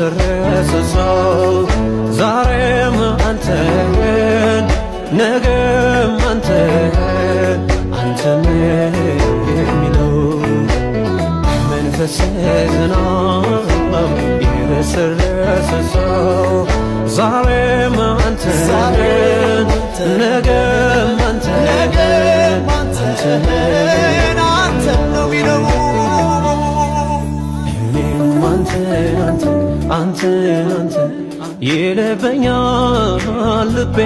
የሰረሰ ሰው ዛሬም አንተን ነገም አንተን አንተን የሚለው መንፈስ ዝናብ የሰረሰ ዛሬም አንተን ነገም አንተን አንተን አንተን ነው ሚለው እኔም አንተን አንተን አንተ አንተ ይለበኛል ልቤ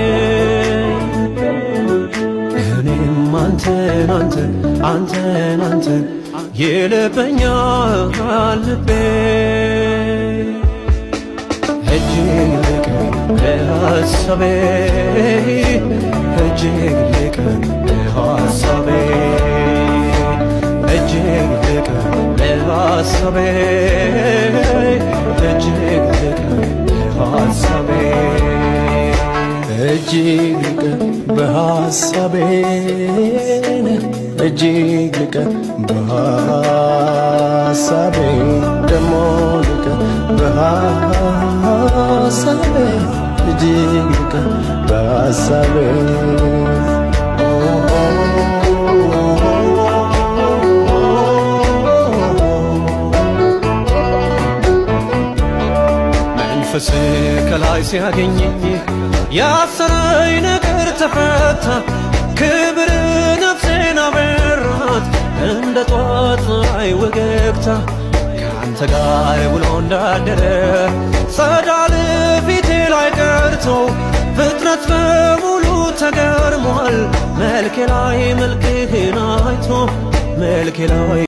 እኔም አንተን አንተን አንተን አንተን ይለበኛል ልቤ እጅግ ልቀን ከሐሳቤ እጅግ ልቀን ከሐሳቤ እጅግ ልቀን ከሐሳቤ እጅግ ልቀ በሐሳቤን እጅግ ልቀ በሐሳቤን ደሞ ልቀን በሐሳቤን እጅግ ልቀን በሐሳቤን መንፈስ ከላይ ሲያገኘኝ ያሰረኝ ነገር ተፈታ። ክብር ነፍሴን አበራት እንደ ጧት ላይ ወገግታ ከአንተ ጋር ውሎ እንዳደረ ጸዳል ፊቴ ላይ ቀርቶ ፍጥረት በሙሉ ተገርሟል። መልኬ ላይ መልክህን አይቶ መልኬ ላይ